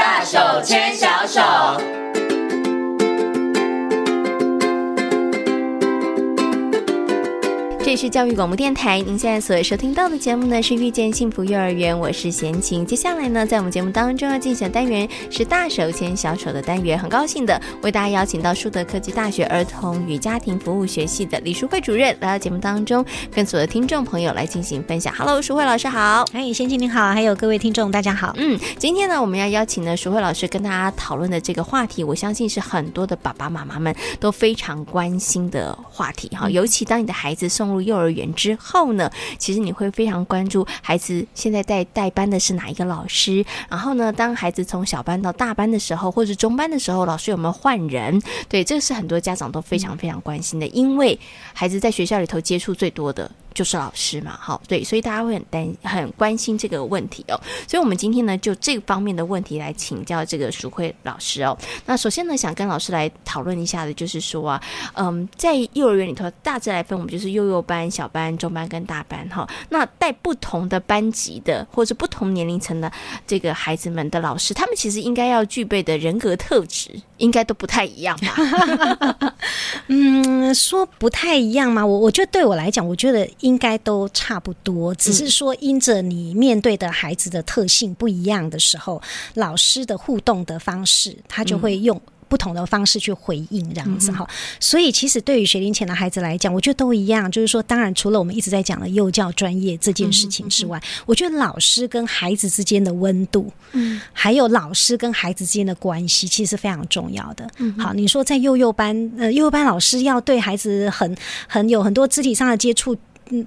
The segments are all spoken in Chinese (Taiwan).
大手牽小手。這是教育廣播電台，您現在所收聽到的節目呢是《遇見幸福幼兒園》，我是賢琴。接下來呢，在我們節目當中要進行的單元是“大手牽小手”的單元，很高興的為大家邀請到樹德科技大學兒童與家庭服務學系的李淑惠主任來到節目當中，跟所有的聽眾朋友來進行分享。Hello，淑惠老師好！哎，賢琴你好！還有各位聽眾，大家好！嗯，今天呢，我們要邀請呢淑惠老師跟大家討論的這個話題，我相信是很多的爸爸媽媽們都非常關心的話題哈，嗯、尤其當你的孩子送入幼兒園之後呢，其實你會非常關注孩子現在在帶，帶班的是哪一個老師。然後呢，當孩子從小班到大班的時候，或者是中班的時候，老師有沒有換人？對，這個是很多家長都非常非常關心的，因為孩子在學校裡頭接觸最多的。就是老師嘛，好，對，所以大家會很擔很關心這個問題哦。所以，我們今天呢，就這方面的問題來請教這個淑惠老師哦。那首先呢，想跟老師來討論一下的，就是說啊，嗯，在幼兒園裡頭，大致來分，我們就是幼幼班、小班、中班跟大班哈。那帶不同的班級的，或者不同年齡層的這個孩子們的老師，他們其實應該要具備的人格特質，應該都不太一樣吧？ 嗯，說不太一樣嘛。我我覺得對我來講，我覺得。應該都差不多，只是說因着你面對的孩子的特性不一樣的時候，嗯、老師的互動的方式，他就會用不同的方式去回應，這樣子哈。嗯、哼所以，其實對於學齡前的孩子來講，我覺得都一樣。就是說，當然除了我們一直在講的幼教專業這件事情之外，嗯、哼我覺得老師跟孩子之間的溫度，嗯，還有老師跟孩子之間的關係，其實是非常重要的。嗯哼，好，你說在幼幼班，呃，幼幼班老師要對孩子很很有很多肢體上的接觸。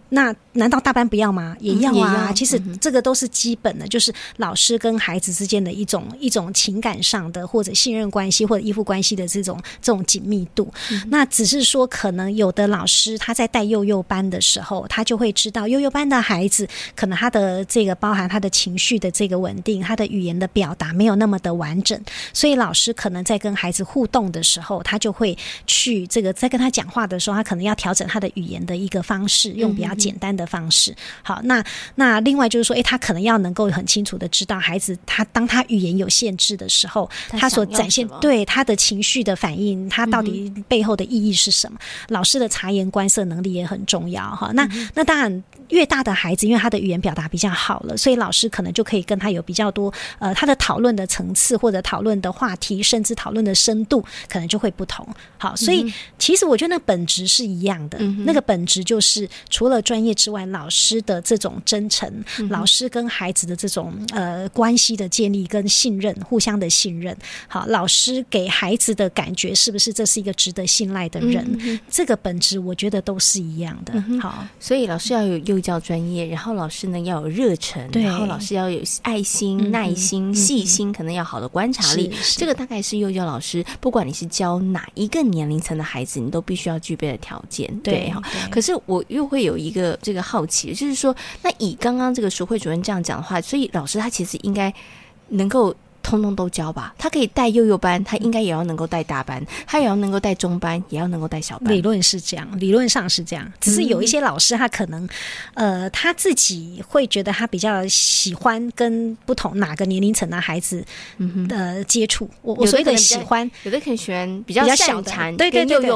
那難道大班不要嗎？也要啊。嗯、也要啊，其實這個都是基本的，嗯、哼就是老師跟孩子之間的一種一種情感上的或者信任關係或者依附關係的這種這種緊密度。嗯、那只是說，可能有的老師他在帶幼幼班的時候，他就會知道幼幼班的孩子可能他的這個包含他的情緒的這個穩定，他的語言的表達沒有那麼的完整，所以老師可能在跟孩子互動的時候，他就會去這個在跟他講話的時候，他可能要調整他的語言的一個方式用。嗯比較簡單的方式，好，那那另外就是說，哎、欸，他可能要能夠很清楚的知道孩子，他當他語言有限制的時候，他所展現對他的情緒的反應，他到底背後的意義是什麼？嗯、哼老師的察言觀色能力也很重要，哈。那、嗯、哼那當然，越大的孩子，因為他的語言表達比較好了，所以老師可能就可以跟他有比較多，呃，他的討論的層次，或者討論的話題，甚至討論的深度，可能就會不同。好，所以、嗯、哼其實我覺得那本質是一樣的，嗯、哼那個本質就是除。除了專業之外，老師的這種真誠，嗯、哼老師跟孩子的這種呃關係的建立跟信任，互相的信任，好，老師給孩子的感覺是不是這是一個值得信賴的人？嗯、哼這個本質我覺得都是一樣的。嗯、哼好，所以老師要有幼教專業，然後老師呢要有熱忱，對然後老師要有愛心、嗯、哼耐心、細心，嗯、哼可能要好的觀察力。是，是這個大概是幼教老師，不管你是教哪一個年齡層的孩子，你都必須要具備的條件。對，對可是我又會。有一個這個好奇，就是說，那以剛剛這個淑惠主任這樣講的話，所以老師他其實應該能夠，通通都教吧，他可以帶幼幼班，他應該也要能夠帶大班，他也要能夠帶中班，也要能夠帶小班。理論是這樣，理論上是這樣，只是有一些老師他可能，呃，他自己會覺得他比較喜歡跟不同哪個年齡層的孩子，的接觸。我我所謂的喜歡，有的可能喜歡比較小的，對對對對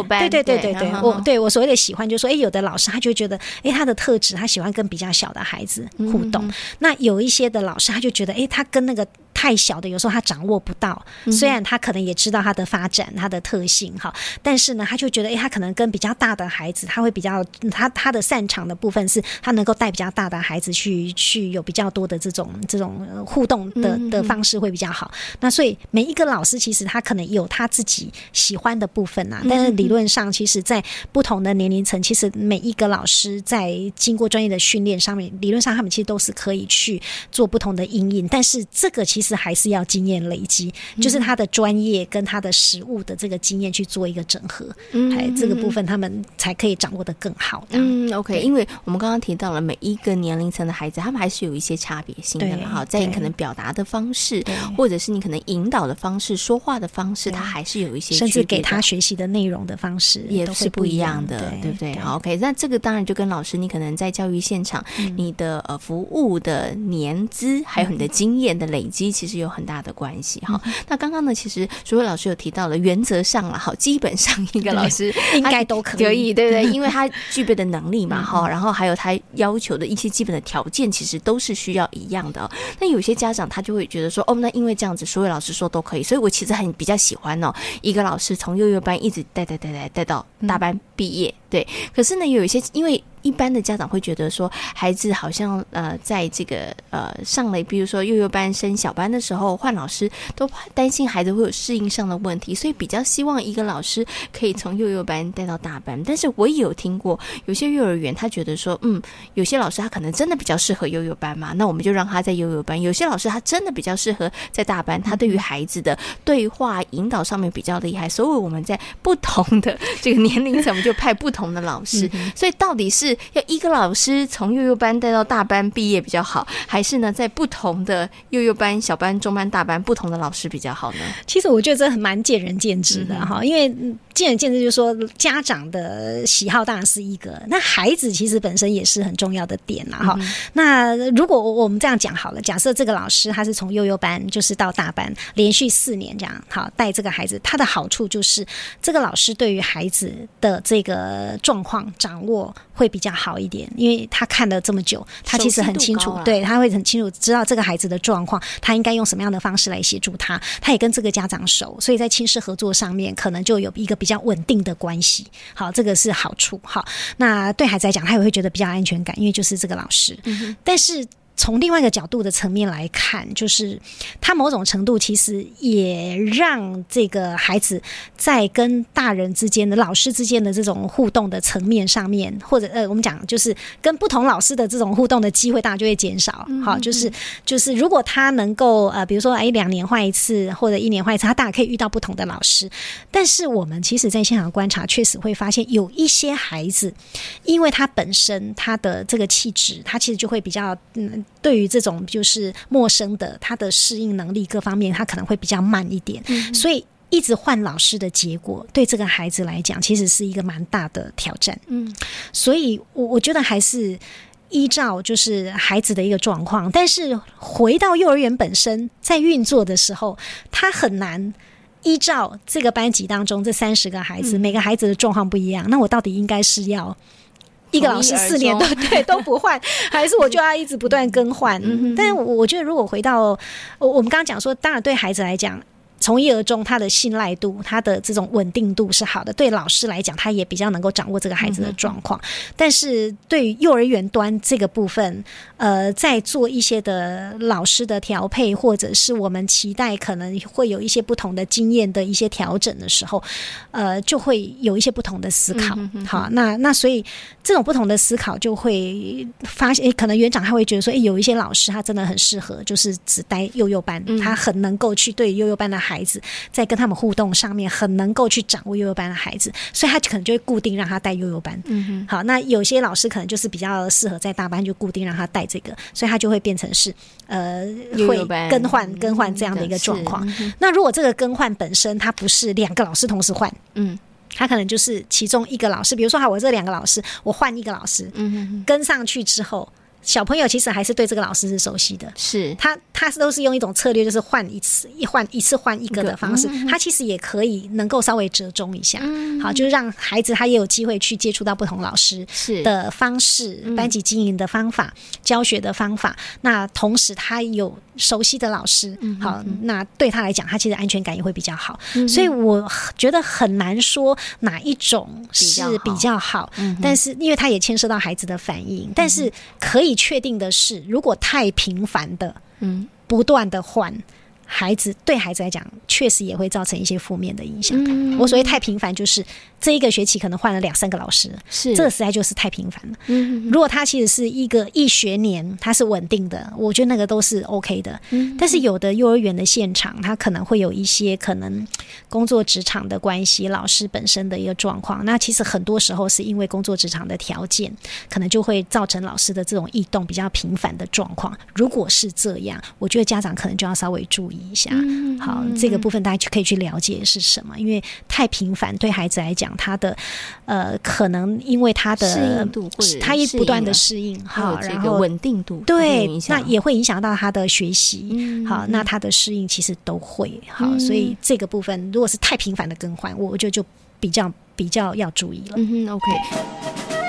對對對對，我對我所謂的喜歡，就是說，誒，有的老師他就覺得，誒，他的特質他喜歡跟比較小的孩子互動。那有一些的老師他就覺得，誒，他跟那個。太小的有時候他掌握不到，雖然他可能也知道他的發展、嗯、哼他的特性哈，但是呢，他就覺得、欸、他可能跟比較大的孩子他會比較，他他的擅長的部分是他能夠帶比較大的孩子去去有比較多的這種這種互動的的方式會比較好。嗯、哼那所以每一個老師其實他可能有他自己喜歡的部分啊，但是理論上，其實在不同的年齡層，嗯、哼其實每一個老師在經過專業的訓練上面，理論上他們其實都是可以去做不同的因應。但是這個其實。是還是要經驗累積，就是他的專業跟他的實務的這個經驗去做一個整合，哎，這個部分他們才可以掌握得更好。嗯，OK，因為我們剛剛提到了每一個年齡層的孩子，他們還是有一些差別性的嘛，哈，在你可能表達的方式，或者是你可能引導的方式、說話的方式，他還是有一些，甚至給他學習的內容的方式也都是不一樣的，對不對？好，OK，那這個當然就跟老師，你可能在教育現場，你的呃服務的年資，還有你的經驗的累積。其實有很大的關係哈。嗯、那剛剛呢，其實淑惠老師有提到了，原則上啦，好，基本上一個老師應該都可以，他對不對？因為他具備的能力嘛，哈、嗯。然後還有他要求的一些基本的條件，其實都是需要一樣的、哦。那有些家長他就會覺得說，哦，那因為這樣子，淑惠老師說都可以，所以我其實很比較喜歡哦，一個老師從幼幼班一直帶帶帶帶帶到大班畢業，嗯、對。可是呢，有一些因為。一般的家長會覺得說，孩子好像呃，在這個呃上了，比如說幼幼班升小班的時候換老師，都怕擔心孩子會有適應上的問題，所以比較希望一個老師可以從幼幼班帶到大班。但是我也有聽過，有些幼兒園他覺得說，嗯，有些老師他可能真的比較適合幼幼班嘛，那我們就讓他在幼幼班；有些老師他真的比較適合在大班，他對於孩子的對話引導上面比較厲害，所以我們在不同的這個年齡上，我們就派不同的老師。 嗯、哼所以到底是？要一個老師從幼幼班帶到大班畢業比較好，還是呢在不同的幼幼班、小班、中班、大班不同的老師比較好呢？其實我覺得這很蠻見仁見智的哈，嗯哼。因為見仁見智就是說家長的喜好當然是一個，那孩子其實本身也是很重要的點啦哈、嗯。那如果我們這樣講好了，假設這個老師他是從幼幼班就是到大班連續四年這樣好帶這個孩子，他的好處就是這個老師對於孩子的這個狀況掌握會比比較好一點，因為他看了這麼久，他其實很清楚，啊、對，他會很清楚知道這個孩子的狀況，他應該用什麼樣的方式來協助他。他也跟這個家長熟，所以在親師合作上面可能就有一個比較穩定的關係。好，這個是好處。好，那對孩子來講，他也會覺得比較安全感，因為就是這個老師。嗯、哼 但是。從另外一個角度的層面來看，就是他某種程度其實也讓這個孩子在跟大人之間的、老師之間的這種互動的層面上面，或者呃，我們講就是跟不同老師的這種互動的機會，大家就會減少。嗯嗯嗯，好，就是就是如果他能夠呃，比如說哎，兩年換一次或者一年換一次，他大概可以遇到不同的老師。但是我們其實在現場觀察，確實會發現有一些孩子，因為他本身他的這個氣質，他其實就會比較嗯。對於這種就是陌生的，他的適應能力各方面，他可能會比較慢一點，嗯，所以一直換老師的結果，對這個孩子來講，其實是一個蠻大的挑戰。嗯，所以我我覺得還是依照就是孩子的一個狀況，但是回到幼兒園本身，在運作的時候，他很難依照這個班級當中這三十個孩子，每個孩子的狀況不一樣，嗯，那我到底應該是要？一個老師四年都，都對？都不換， 還是我就要一直不斷更換？ 但是我覺得，如果回到我我們剛剛講說，當然對孩子來講。從一而終，他的信賴度、他的這種穩定度是好的。對老師來講，他也比較能夠掌握這個孩子的狀況。嗯、哼但是對於幼兒園端這個部分，呃，在做一些的老師的調配，或者是我們期待可能會有一些不同的經驗的一些調整的時候，呃，就會有一些不同的思考。嗯、哼哼好，那那所以這種不同的思考就會發現，可能園長他會覺得說，哎，有一些老師他真的很適合，就是只帶幼幼班，嗯、哼他很能夠去對幼幼班的。孩子，在跟他們互動上面很能夠去掌握幼幼班的孩子，所以他可能就會固定讓他帶幼幼班。嗯哼好，那有些老師可能就是比較適合在大班，就固定讓他帶這個，所以他就會變成是呃會更換更換這樣的一個狀況。嗯就是嗯、那如果這個更換本身他不是兩個老師同時換，嗯，他可能就是其中一個老師，比如說哈，我這兩個老師我換一個老師，嗯哼哼，跟上去之後。小朋友其實還是對這個老師是熟悉的，是他他都是用一種策略，就是換一次一換一次換一個的方式。他其實也可以能夠稍微折中一下，好，就是讓孩子他也有機會去接觸到不同老師是的方式、班級經營的方法、教學的方法。那同時他有熟悉的老師，好，那對他來講，他其實安全感也會比較好。所以我覺得很難說哪一種是比較好，但是因為他也牽涉到孩子的反應，但是可以。你確定的是，如果太頻繁的，嗯，不斷的換。孩子對孩子來講，確實也會造成一些負面的影響。嗯嗯嗯。我所謂太頻繁，就是這一個學期可能換了兩三個老師，是。這個實在就是太頻繁了。嗯，嗯，嗯，如果他其實是一個一學年，他是穩定的，我覺得那個都是 OK 的。但是有的幼兒園的現場，他可能會有一些可能工作職場的關係，老師本身的一個狀況。那其實很多時候是因為工作職場的條件，可能就會造成老師的這種異動比較頻繁的狀況。如果是這樣，我覺得家長可能就要稍微注意一下，嗯嗯嗯、好，這個部分大家可以去了解是什麼，嗯、因為太頻繁對孩子來講，他的呃，可能因為他的適應度會應，他一不斷的適應，好，個一然後穩定度對，那也會影響到他的學習，好，嗯、那他的適應其實都會好，嗯、所以這個部分如果是太頻繁的更換，我覺得就，就比較比較要注意了。嗯哼、嗯、OK。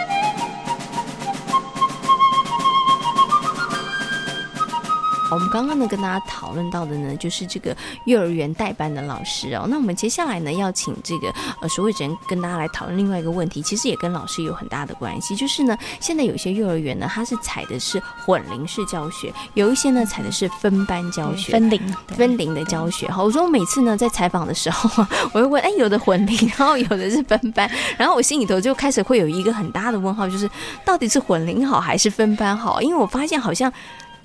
我們剛剛呢跟大家討論到的呢，就是這個幼兒園帶班的老師哦。那我們接下來呢要請這個呃，淑惠主任跟大家來討論另外一個問題，其實也跟老師有很大的關係。就是呢，現在有些幼兒園呢，它是採的是混齡式教學，有一些呢採的是分班教學。分齡，分齡的教學。好，我說我每次呢在採訪的時候啊，我會問，哎，有的混齡，然後有的是分班，然後我心裡頭就開始會有一個很大的問號，就是到底是混齡好還是分班好？因為我發現好像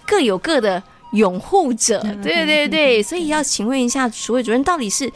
各有各的。擁護者、嗯，對對對，所以要請問一下，所謂主任到底是？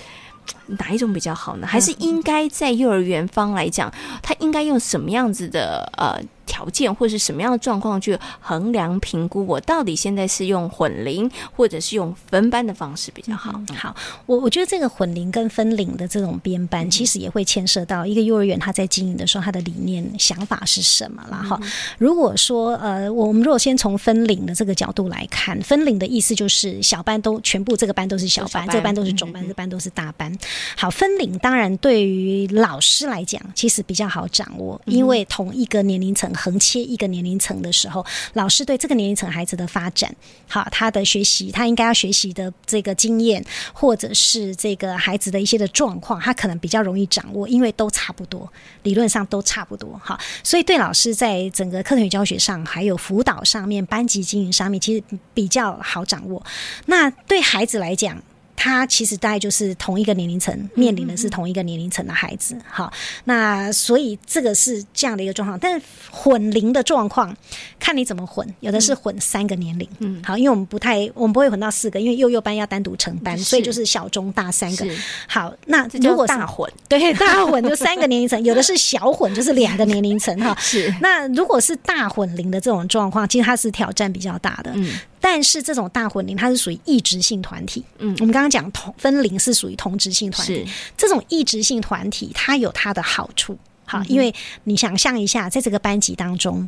哪一種比較好呢？還是應該在幼兒園方來講，他、嗯、哼應該用什麼樣子的呃條件，或者是什麼樣的狀況去衡量評估我？我到底現在是用混齡，或者是用分班的方式比較好？嗯、好，我我覺得這個混齡跟分齡的這種編班，嗯、哼其實也會牽涉到一個幼兒園他在經營的時候，他的理念想法是什麼啦，好，嗯、哼如果說呃，我們如果先從分齡的這個角度來看，分齡的意思就是小班都全部這個班都是小班，小班這個班都是中班，嗯、哼這個班都是大班。好，分齡當然對於老師來講，其實比較好掌握，因為同一個年齡層，橫切一個年齡層的時候，老師對這個年齡層孩子的發展，好，他的學習，他應該要學習的這個經驗，或者是這個孩子的一些的狀況，他可能比較容易掌握，因為都差不多，理論上都差不多，好，所以對老師在整個課程與教學上，還有輔導上面、班級經營上面，其實比較好掌握。那對孩子來講，他其實大概就是同一個年齡層，面臨的是同一個年齡層的孩子。嗯嗯嗯、好，那所以這個是這樣的一個狀況。但混齡的狀況，看你怎麼混，有的是混三個年齡，嗯，嗯，好，因為我們不太，我們不會混到四個，因為幼幼班要單獨成班，是，所以就是小中大三個。是，好，那如果大混，對，大混就三個年齡層，有的是小混，就是兩個年齡層，哈。是，那如果是大混齡的這種狀況，其實它是挑戰比較大的，嗯。但是這種大混齡，它是屬於異質性團體，嗯，我們剛剛講同分齡是屬於同質性團體，是，這種異質性團體，它有它的好處，好，嗯嗯，因為你想象一下，在這個班級當中，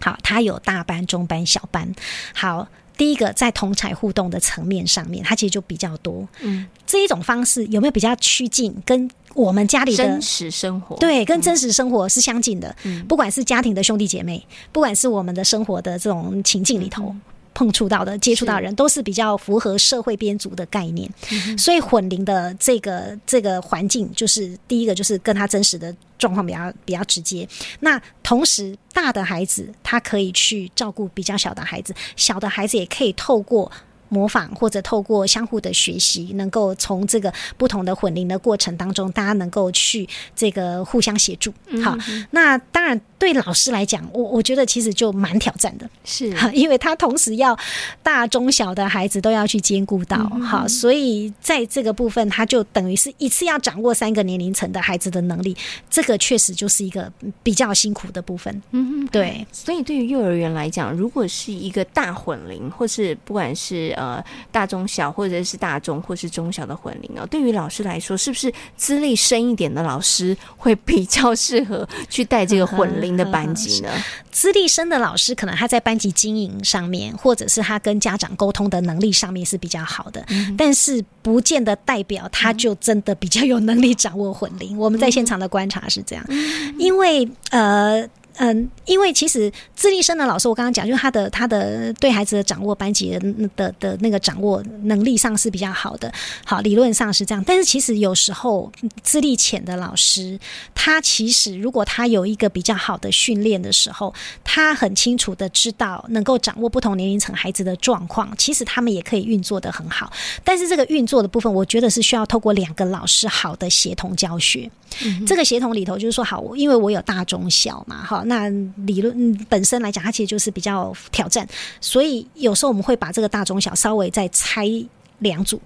好，它有大班、中班、小班，好，第一個在同儕互動的層面上面，它其實就比較多，嗯，這一種方式有沒有比較趨近跟我們家裡的真實生活？嗯、對，跟真實生活是相近的，嗯、不管是家庭的兄弟姐妹，不管是我們的生活的這種情境裡頭。嗯嗯碰觸到的、接觸到人是都是比較符合社會編組的概念，嗯、哼所以混齡的這個這個環境，就是第一個就是跟他真實的狀況比較比較直接。那同時大的孩子他可以去照顧比較小的孩子，小的孩子也可以透過。模仿或者透過相互的學習，能夠從這個不同的混齡的過程當中，大家能夠去這個互相協助好、嗯哼。好，那當然對老師來講，我我覺得其實就蠻挑戰的，是，因為他同時要大中小的孩子都要去兼顧到好、嗯哼，好，所以在這個部分，他就等於是一次要掌握三個年齡層的孩子的能力，這個確實就是一個比較辛苦的部分嗯哼。嗯，對。所以對於幼兒園來講，如果是一個大混齡，或是不管是呃，大中小或者是大中或者是中小的混齡哦，對於老師來說，是不是資歷深一點的老師會比較適合去帶這個混齡的班級呢？資歷深的老師，可能他在班級經營上面，或者是他跟家長溝通的能力上面是比較好的，嗯。但是不見得代表他就真的比較有能力掌握混齡。嗯。我們在現場的觀察是這樣，嗯。因為呃。嗯，因為其實資歷深的老師，我剛剛講，就是他的他的對孩子的掌握、班級的的的那個掌握能力上是比較好的。好，理論上是這樣，但是其實有時候資歷淺的老師，他其實如果他有一個比較好的訓練的時候，他很清楚的知道能夠掌握不同年齡層孩子的狀況，其實他們也可以運作的很好。但是這個運作的部分，我覺得是需要透過兩個老師好的協同教學。嗯、哼這個協同裡頭就是說，好，因為我有大中小嘛，哈。那理論本身來講，它其實就是比較挑戰，所以有時候我們會把這個大、中、小稍微再拆兩組，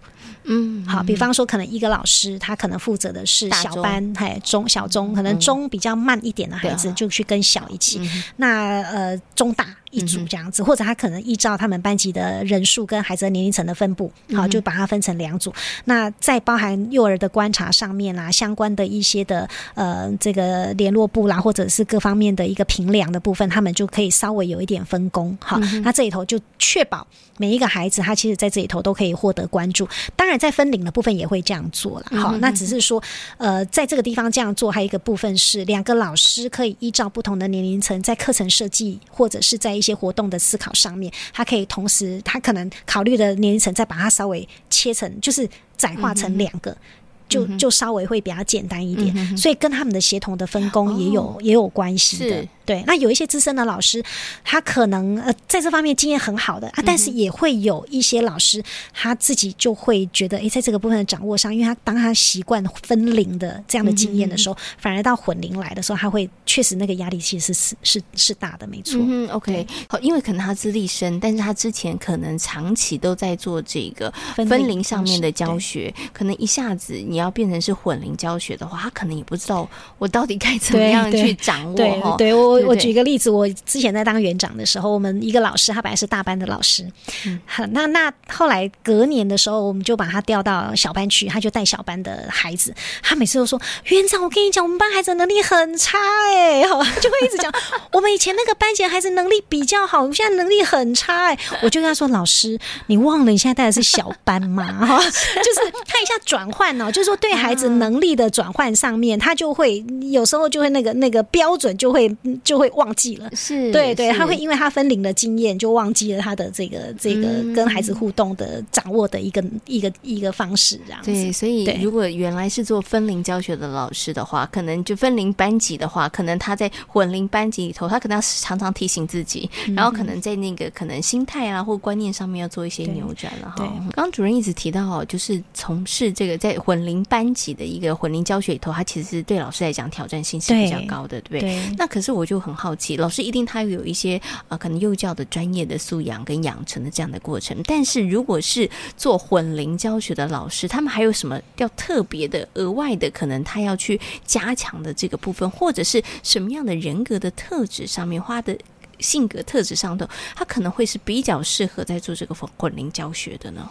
嗯，嗯，好，比方說可能一個老師他可能負責的是小班還有中、中小中，可能中比較慢一點的孩子就去跟小一起，嗯，那呃中大。一組這樣子，或者他可能依照他們班級的人數跟孩子的年齡層的分布，嗯、哼好，就把它分成兩組。那在包含幼兒的觀察上面啊，相關的一些的呃，這個聯絡部啦，或者是各方面的一個評量的部分，他們就可以稍微有一點分工。好，嗯、哼那這裡頭就確保每一個孩子他其實在這裡頭都可以獲得關注。當然，在分齡的部分也會這樣做了。好，嗯、哼那只是說，呃，在這個地方這樣做，還有一個部分是兩個老師可以依照不同的年齡層，在課程設計或者是在一些活動的思考上面，他可以同時，他可能考慮的年齡層，再把它稍微切成，就是窄化成兩個，嗯、哼就就稍微會比較簡單一點，嗯、哼所以跟他們的協同的分工也有、哦、也有關係的。對，那有一些資深的老師，他可能呃在這方面經驗很好的，啊，但是也會有一些老師、嗯、哼他自己就會覺得，哎、欸，在這個部分的掌握上，因為他當他習慣分齡的這樣的經驗的時候，嗯、哼反而到混齡來的時候，他會確實那個壓力其實是是是大的，沒錯。嗯，OK，對好，因為可能他資歷深，但是他之前可能長期都在做這個分齡上面的教學，嗯、可能一下子你要變成是混齡教學的話，他可能也不知道我到底該怎麼樣去掌握哦，對，對，對我。我舉一個例子，我之前在當園長的時候，我們一個老師，他本來是大班的老師，嗯、那那後來隔年的時候，我們就把他調到小班去，他就帶小班的孩子。他每次都說：“園長，我跟你講，我們班孩子能力很差、欸，哎，好，就會一直講。 我們以前那個班級孩子能力比較好，我們現在能力很差，哎。”我就跟他說：“老師，你忘了你現在帶的是小班嗎？哈，就是看一下轉換哦，就是說對孩子能力的轉換上面，他就會有時候就會那個那個標準就會。”就會忘記了，是，對對，他會因為他分齡的經驗就忘記了他的這個這個跟孩子互動的掌握的一個一個一個方式，這樣子。對。所以如果原來是做分齡教學的老師的話，可能就分齡班級的話，可能他在混齡班級裡頭，他可能要常常提醒自己，然後可能在那個可能心態啊或觀念上面要做一些扭轉了哈。對。剛剛主任一直提到，就是從事這個在混齡班級的一個混齡教學裡頭，他其實是對老師來講挑戰性是比較高的，對不對？那可是我。就很好奇，老師一定他有一些啊、呃，可能幼教的專業的素養跟養成的這樣的過程。但是如果是做混齡教學的老師，他們還有什麼要特別的、額外的？可能他要去加強的這個部分，或者是什麼樣的人格的特質上面，花的性格特質上的，他可能會是比較適合在做這個混混齡教學的呢？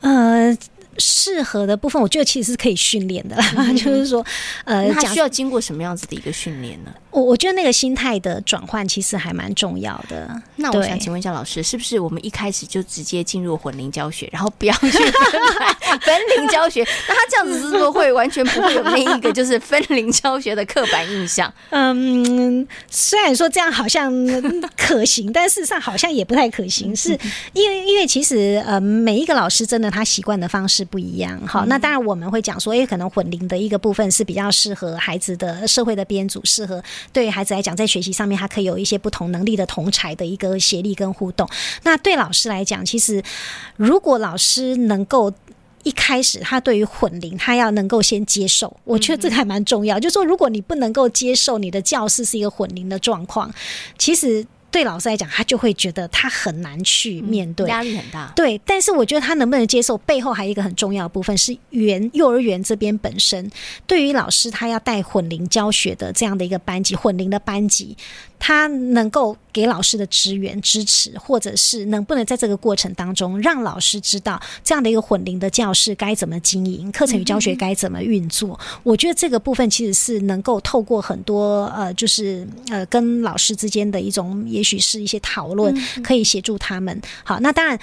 呃，適合的部分，我覺得其實是可以訓練的啦， 就是說，呃，那他需要經過什麼樣子的一個訓練呢？我我覺得那個心態的轉換其實還蠻重要的。那我想請問一下老師，是不是我們一開始就直接進入混齡教學，然後不要去 分齡教學？那 他這樣子是不是會完全不會有另一個就是分齡教學的刻板印象？嗯，雖然說這樣好像可行，但事實上好像也不太可行。是因為因為其實呃、嗯，每一個老師真的他習慣的方式不一樣。好，嗯、那當然我們會講說，哎，可能混齡的一個部分是比較適合孩子的社會的編組，適合。對於孩子來講，在學習上面，他可以有一些不同能力的同儕的一個協力跟互動。那對老師來講，其實如果老師能夠一開始他對於混齡，他要能夠先接受，我覺得這個還蠻重要。嗯、哼就是說如果你不能夠接受你的教室是一個混齡的狀況，其實。對老師來講，他就會覺得他很難去面對，嗯，壓力很大。對，但是我覺得他能不能接受，背後還有一個很重要的部分是原，園幼兒園這邊本身對於老師他要帶混齡教學的這樣的一個班級，混齡的班級。他能夠給老師的支援支持，或者是能不能在這個過程當中讓老師知道這樣的一個混齡的教室該怎麼經營，嗯嗯課程與教學該怎麼運作。我覺得這個部分其實是能夠透過很多呃，就是呃，跟老師之間的一種，也許是一些討論，嗯嗯可以協助他們。好，那當然。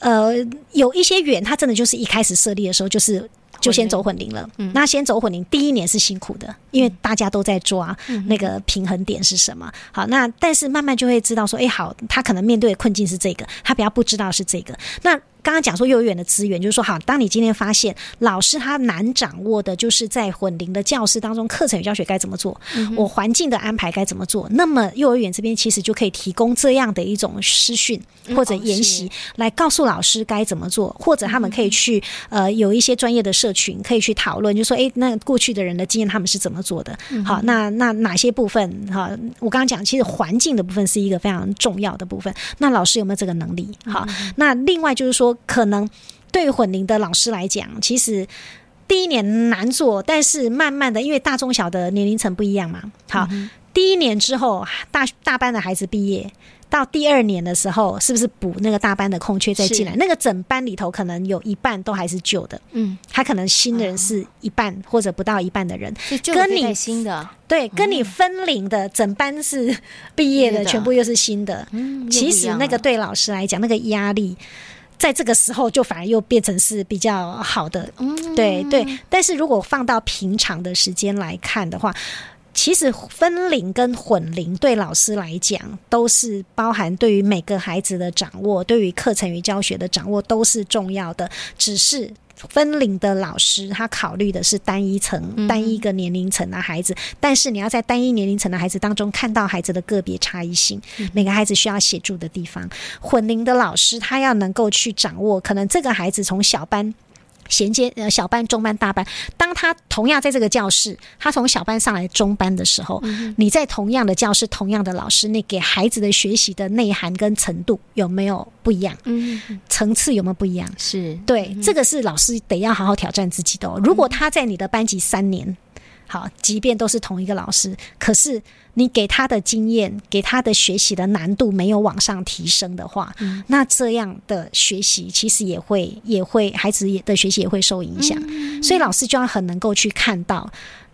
呃，有一些園，他真的就是一開始設立的時候，就是就先走混齡了。嗯、那先走混齡，第一年是辛苦的，因為大家都在抓那個平衡點是什麼？好，那但是慢慢就會知道說，哎、欸，好，他可能面對的困境是這個，他比較不知道是這個。那剛剛講說幼兒園的資源，就是說好，當你今天發現老師他難掌握的，就是在混齡的教室當中，課程與教學該怎麼做？嗯、哼我環境的安排該怎麼做？那麼幼兒園這邊其實就可以提供這樣的一種師訓或者研習來，嗯哦、來告訴老師該怎麼做，或者他們可以去，嗯、哼呃，有一些專業的社群可以去討論，就是，說哎，那過去的人的經驗他們是怎麼做的？嗯、哼好，那那哪些部分好？我剛剛講，其實環境的部分是一個非常重要的部分。那老師有沒有這個能力？好，嗯、哼那另外就是說。可能對於混齡的老師來講，其實第一年難做，但是慢慢的，因為大中小的年齡層不一樣嘛。好，嗯、哼第一年之後，大大班的孩子畢業，到第二年的時候，是不是補那個大班的空缺再進來？是那個整班裡頭可能有一半都還是舊的，嗯，他可能新的人是一半或者不到一半的人，嗯、跟你新的對，嗯、跟你分齡的整班是畢業的、嗯、全部又是新的。嗯，其實那個對老師來講，那個壓力。在這個時候，就反而又變成是比較好的，嗯、對對。但是如果放到平常的時間來看的話，其實分齡跟混齡對老師來講，都是包含對於每個孩子的掌握，對於課程與教學的掌握都是重要的，只是。分齡的老師，他考慮的是單一層、單一個年齡層的孩子，嗯嗯，但是你要在單一年齡層的孩子當中看到孩子的個別差異性，嗯嗯，每個孩子需要協助的地方。混齡的老師，他要能夠去掌握，可能這個孩子從小班。銜接呃小班、中班、大班，當他同樣在這個教室，他從小班上來中班的時候，嗯、哼你在同樣的教室、同樣的老師，那給孩子的學習的內涵跟程度有沒有不一樣？嗯哼，層次有沒有不一樣？是，對，嗯、哼這個是老師得要好好挑戰自己的哦。如果他在你的班級三年。好，即便都是同一個老師，可是你給他的經驗、給他的學習的難度沒有往上提升的話，嗯、那這樣的學習其實也會、也會孩子的學習也會受影響。嗯嗯嗯、所以老師就要很能夠去看到，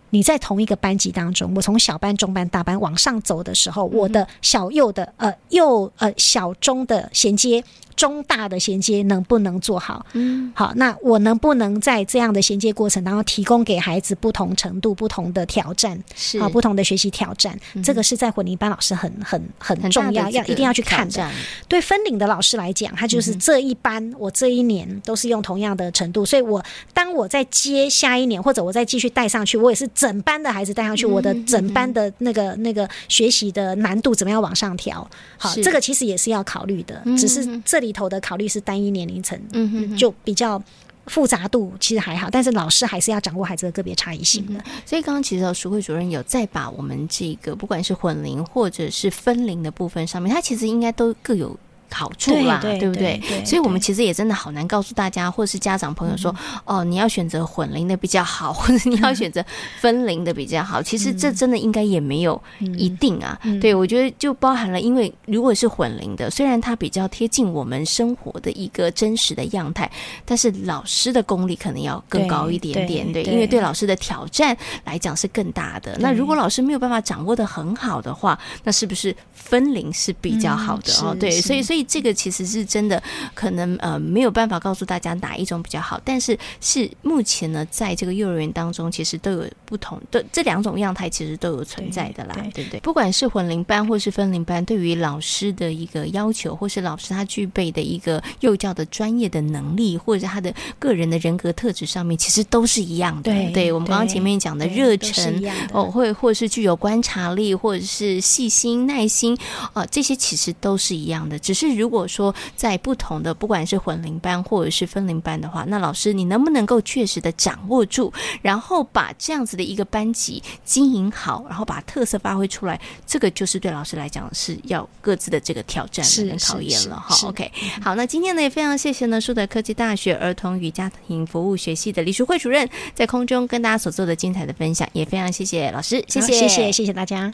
你在同一個班級當中，我從小班、中班、大班往上走的時候，嗯、我的小幼的、呃幼呃小中的銜接。中大的銜接能不能做好，好？嗯，好，那我能不能在這樣的銜接過程當中提供給孩子不同程度、不同的挑戰，啊是，不同的學習挑戰，嗯、哼這個是在混齡班老師很、很、很重要，要一定要去看的。對分齡的老師來講，他就是這一班，嗯、哼我這一年都是用同樣的程度，所以我當我在接下一年，或者我再繼續帶上去，我也是整班的孩子帶上去，嗯、哼我的整班的那個、嗯、哼那個學習的難度怎麼樣往上調？好，是這個其實也是要考慮的，嗯、哼只是這。裡頭的考慮是單一年齡層，嗯哼哼，就比較複雜度其實還好，但是老師還是要掌握孩子的個別差異性的。嗯、所以剛剛其實淑惠主任有再把我們這個不管是混齡或者是分齡的部分上面，它其實應該都各有。好處啦，對,對,對,對,對,對不對？所以，我們其實也真的好難告訴大家，或者是家長朋友說，嗯、哦，你要選擇混齡的比較好，或者你要選擇分齡的比較好。嗯、其實，這真的應該也沒有一定啊。嗯嗯、對，我覺得就包含了，因為如果是混齡的，雖然它比較貼近我們生活的一個真實的樣態，但是老師的功力可能要更高一點點。對，對對因為對老師的挑戰來講是更大的。嗯、那如果老師沒有辦法掌握得很好的話，那是不是分齡是比較好的哦？嗯、對，所以，所以。這個其實是真的，可能呃沒有辦法告訴大家哪一種比較好，但是是目前呢，在這個幼兒園當中，其實都有不同的這兩種樣態，其實都有存在的啦，對不對，對，對？不管是混齡班或是分齡班，對於老師的一個要求，或是老師他具備的一個幼教的專業的能力，或者他的個人的人格特質上面，其實都是一樣的。對，對，對，我們剛剛前面講的熱忱、哦，會，或是具有觀察力，或者是細心、耐心，啊、呃，這些其實都是一樣的，只是。如果說在不同的，不管是混齡班或者是分齡班的話，那老師你能不能夠確實的掌握住，然後把這樣子的一個班級經營好，然後把特色發揮出來，這個就是對老師來講是要各自的這個挑戰跟考驗了是是是是哈。是是是 OK，嗯嗯好，那今天呢也非常謝謝呢樹德科技大學兒童與家庭服務學系的李淑惠主任在空中跟大家所做的精彩的分享，也非常謝謝老師，謝謝謝謝謝謝大家。